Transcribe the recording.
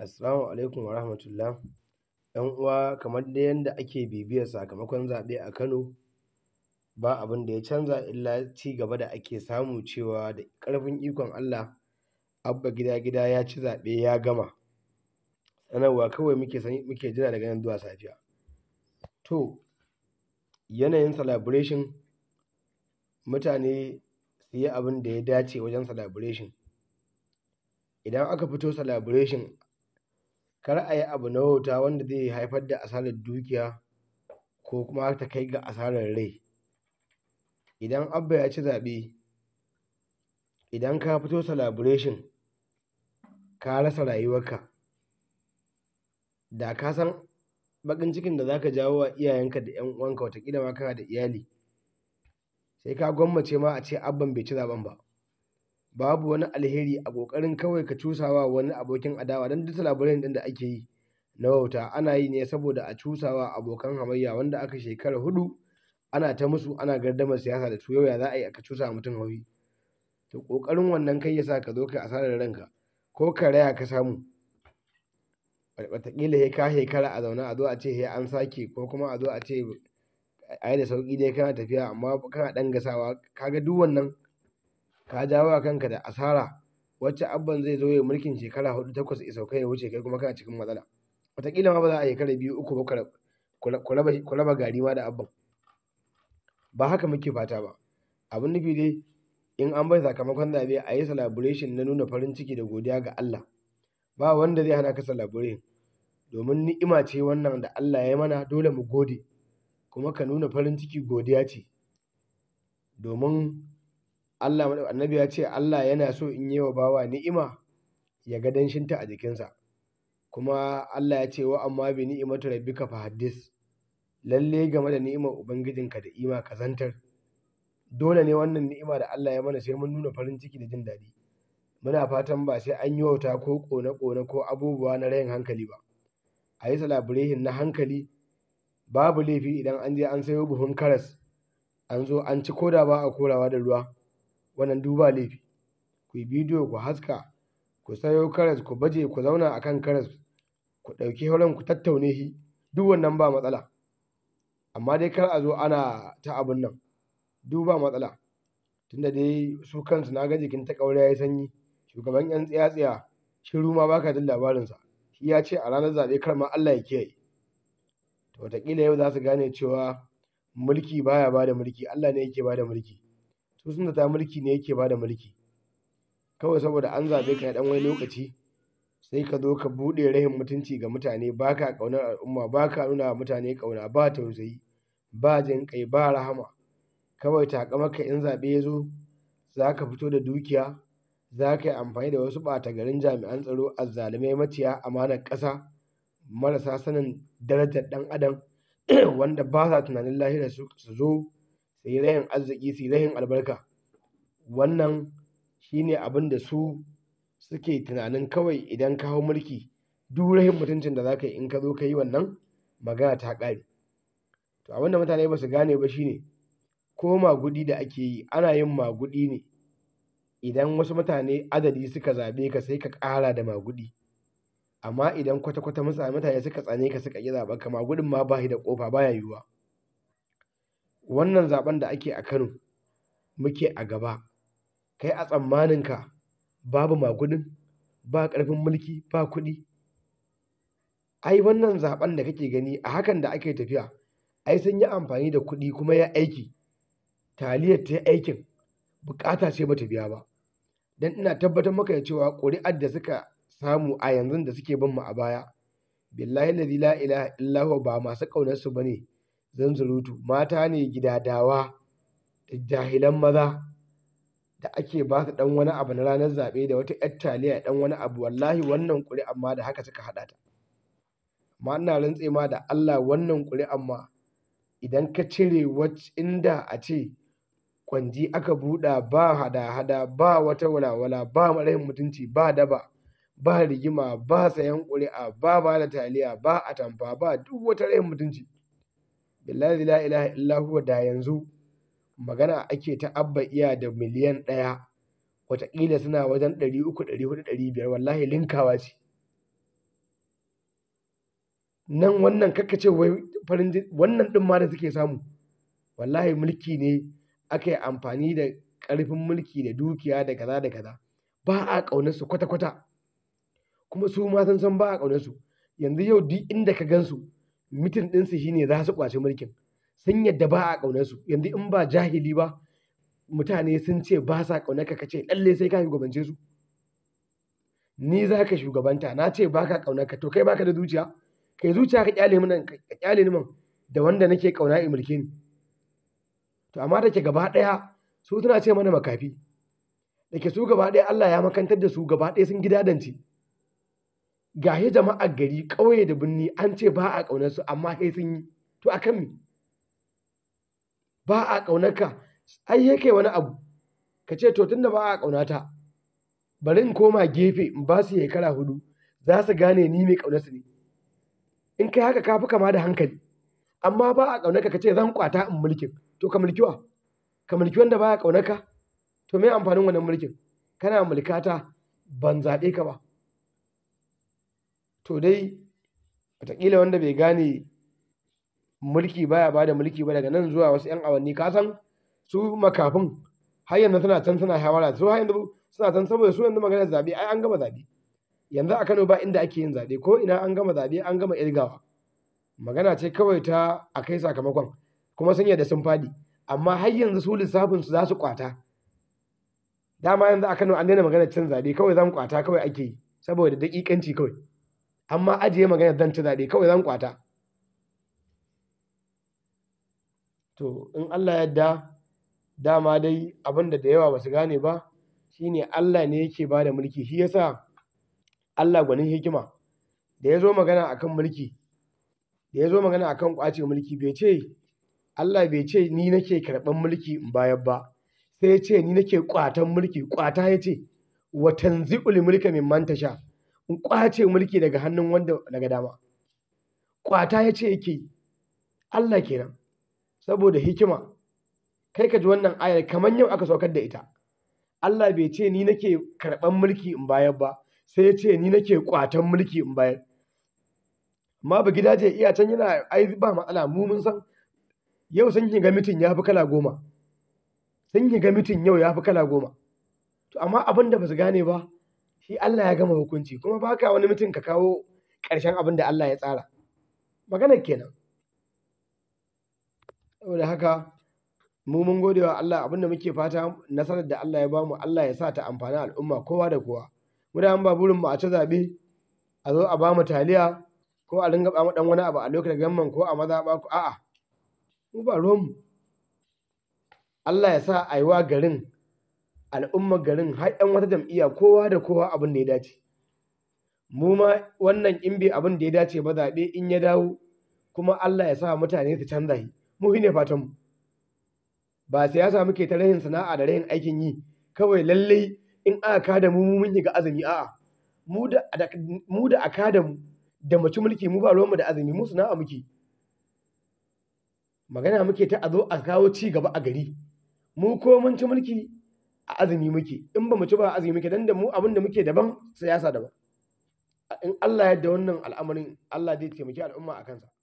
Assalamu alaikum wa rahmatullah. Ɗan uwa kamar da yadda ake bibiyar sakamakon zaɓe a Kano, ba abin da ya canza illa ci gaba da ake samu cewa da ƙarfin ikon Allah, Abba gida gida ya ci zaɓe ya gama. Sanarwa kawai muke muke jira daga nan zuwa safiya. To, yanayin celebration mutane su yi abin da ya dace wajen celebration. Idan aka fito celebration kar a yi abu na wauta wanda zai haifar da asarar dukiya ko kuma ta kai ga asarar rai idan abba ya ci zaɓe idan ka fito celebration ka rasa rayuwarka da ka san baƙin cikin da za ka jawo wa iyayenka da 'yan uwanka watakila ma kana da iyali sai ka gwammace ma a ce abban bai ci zaɓen ba babu wani alheri a ƙoƙarin kawai ka cusawa wani abokin adawa don duk labarin ɗin da ake yi na wauta ana yi ne saboda a cusawa abokan hamayya wanda aka shekara hudu ana ta musu ana gardamar siyasa da su yau ya za a yi aka cusa mutum hauyi to ƙoƙarin wannan kai ya sa ka zo ka asarar ranka ko ka raya ka samu wataƙila he ka shekara a zaune a zo a ce he an sake ko kuma a zo a ce a yi da sauƙi dai kana tafiya amma kana ɗan gasawa kaga duk wannan ka jawo a kanka da asara wacce abban zai zo ya mulkin shekara hudu takwas isa kai ya wuce kai kuma kana cikin matsala wataƙila ma ba za a shekara biyu uku ba ku raba gari ma da abban ba haka muke fata ba abin nufi dai in an bai sakamakon zaɓe a yi celebration na nuna farin ciki da godiya ga Allah ba wanda zai hana ka celebration domin ni'ima ce wannan da Allah ya mana dole mu gode kuma ka nuna farin ciki godiya ce domin Allah annabi ya ce Allah yana so in yi wa bawa ni'ima ya ga danshinta a jikinsa kuma Allah ya ce wa amma bi ni'imatu rabbika fa haddis lalle game da ni'imar ubangijinka da ima ka dole ne wannan ni'ima da Allah ya mana sai mun nuna farin ciki da jin daɗi muna fatan ba sai an yi wauta ko kone-kone ko abubuwa na rayin hankali ba a yi salabirehin na hankali babu laifi idan an je an sayo buhun karas an zo an ci koda ba a korawa da ruwa wannan duba laifi ku yi bidiyo ku haska ku sayo karas ku baje ku zauna a kan karas ku ɗauki hauren ku tattaune shi duk wannan ba matsala amma dai kar a zo ana ta abun nan duk ba matsala tunda dai su kansu na ga jikin ta ƙaura ya yi sanyi shugaban yan tsiya-tsiya shiru ma baka jin labarinsa shi ya ce a ranar zaɓe kar ma Allah ya kiyaye to wataƙila yau za su gane cewa mulki baya ba da mulki Allah ne yake ba da mulki su sun ta mulki ne yake da mulki kawai saboda an zaɓe ka dan wani lokaci sai ka zo ka buɗe rahin mutunci ga mutane baka ka ƙaunar al'umma baka ka nuna wa mutane ƙauna ba tausayi ba jin ƙai ba rahama kawai takamaka in zaɓe ya zo za ka fito da dukiya za ka yi amfani da wasu ɓata garin jami'an tsaro azzalumai maciya amanar ƙasa marasa sanin darajar ɗan adam wanda ba sa tunanin lahira su zo Sai rahin arziki sai rahin albarka wannan shine abin da su suke tunanin kawai idan ka hau mulki duk rahin mutuncin da zaka yi in ka zo ka yi wannan magana ta ƙare to abin mutane ba su gane ba shine ko magudi da ake yi ana yin magudi ne idan wasu mutane adadi suka zabe ka sai ka ƙara da magudi amma idan kwata-kwata mutane suka tsane ka suka yi zaɓen ka magudin ma ba da ƙofa baya yiwuwa wannan zaɓen da ake a Kano muke a gaba kai a tsammanin ka babu magudin ba ƙarfin mulki ba kuɗi ai wannan zaɓen da kake gani a hakan da ake tafiya ai sun yi amfani da kuɗi kuma ya aiki taliyar ta yi aikin bukata ce bata biya ba don ina tabbatar maka da cewa ƙuri'ar da suka samu a yanzu da suke bin mu a baya billahi la ilaha illa ba masu ƙaunar su bane zanzurutu mata ne gidadawa da jahilan maza da ake ba su ɗan wani abu na ranar zaɓe da wata ‘yar taliya dan wani abu wallahi wannan ƙuri ma da haka suka haɗa ta amma ina rantse ma da Allah wannan ƙuri ma idan ka cire wacce inda a ce kwanji aka buɗa ba hada-hada ba wata walawala ba marayin mutunci ba daba ba rigima ba sayan ƙuri'a ba ba da taliya ba atamfa ba duk wata rayin mutunci billahi la ilaha illa huwa da yanzu magana ake ta abba iya da miliyan ɗaya wataƙila suna wajen ɗari uku ɗari hudu ɗari biyar wallahi linkawa ce nan wannan din wai wannan ɗin ma da suke samu wallahi mulki ne aka yi amfani da ƙarfin mulki da dukiya da kaza da kaza ba a su kwata-kwata kuma su ma sun san ba a su yanzu yau duk inda ka gansu mitin ɗinsu shi ne za su ƙwace mulkin sun yadda ba a ƙaunarsu yanzu in ba jahili ba mutane sun ce ba sa ƙaunar ka kace lalle sai ka shugabance su ni za ka shugabanta na ce ba ka ƙaunar ka to kai ba ka da zuciya kai zuciya ka ƙyale min ka ƙyale ni da wanda nake ƙauna in mulke ni to amma da ke gaba ɗaya su tana ce mana makafi da ke su gaba ɗaya Allah ya makantar da su gaba ɗaya sun gidadance gashi jama'ar gari ƙauye da birni an ce ba a ƙaunar su amma sai sun yi to akan me ba a ƙaunar ka ai yake wani abu ka ce to tunda ba a ƙaunata bari in koma gefe in ba su shekara hudu za su gane ni mai ƙaunar su ne in kai haka ka fi kama da hankali amma ba a ƙaunaka ka ce zan kwata in mulkin to ka mulkiwa ka mulki wanda ba a ka? to me amfanin wannan mulkin kana mulkata ban zaɓe ka ba to dai watakila wanda bai gane mulki baya ba da mulki ba daga nan zuwa wasu 'yan awanni ka san su makafin har yanzu suna can suna hawara su har yanzu suna can saboda su yanzu maganar zaɓe ai an gama zaɓe yanzu a Kano ba inda ake yin zaɓe ko ina an gama zaɓe an gama irgawa magana ce kawai ta a kai sakamakon kuma sun yadda sun faɗi amma har yanzu su lissafin su za su kwata dama yanzu a Kano an daina magana cin zaɓe kawai zan kwata kawai ake yi saboda daƙiƙanci kawai amma ajiye magana zan ci zaɗe kawai zan kwata to in Allah yadda dama dai abinda da yawa ba su gane ba shine Allah ne yake ba da mulki shi yasa Allah gwanin hikima da ya zo magana akan mulki da ya zo magana akan kwace mulki bai ce Allah bai ce ni nake karɓan mulki in bayar ba sai ya ce ni nake kwatan mulki kwata ya ce wa tanzi'ul mulka min sha. in kwace mulki daga hannun wanda daga dama kwata ya ce yake Allah kenan saboda hikima kai ka ji wannan ayar kamar yau aka saukar da ita Allah bai ce ni nake karɓan mulki in bayar ba sai ya ce ni nake kwatan mulki in bayar amma ba gida je iya can yana ai ba matsala mu mun san yau sun ga mitin ya kala goma sun ga mitin yau ya fi kala goma to amma abin da ba su gane ba shi Allah ya gama hukunci kuma baka wani mutum ka kawo ƙarshen abin da Allah ya tsara maganar kenan saboda haka mu mun gode wa Allah abinda muke fata nasarar da Allah ya bamu Allah ya sa ta amfani al'umma kowa da kowa mu da ba burin mu a ci zabe a zo a bamu taliya ko a ringa ba dan wani abu a lokacin gamman ko a maza ba ku a'a mu ba ruwan Allah ya sa a wa garin al'ummar garin har 'yan wata jam'iyya kowa da kowa abin da ya dace mu ma wannan in bai abin da ya dace ba zaɓe in ya dawo kuma Allah ya sa mutane su canza shi mu ne fatanmu ba siyasa muke ta rahin sana'a da rahin aikin yi kawai lallai in aka kada mu mun yi ga azumi a'a mu da mu da aka da mu da mace mulki mu ba ruwanmu da azumi mu sana'a muke magana muke ta a zo a kawo ci gaba a gari mu ko mun ci mulki a azumi muke in ba mu ci ba azumi muke dan da mu abin da muke daban siyasa daban in Allah ya yarda wannan al'amarin Allah zai taimaki al'umma a kansa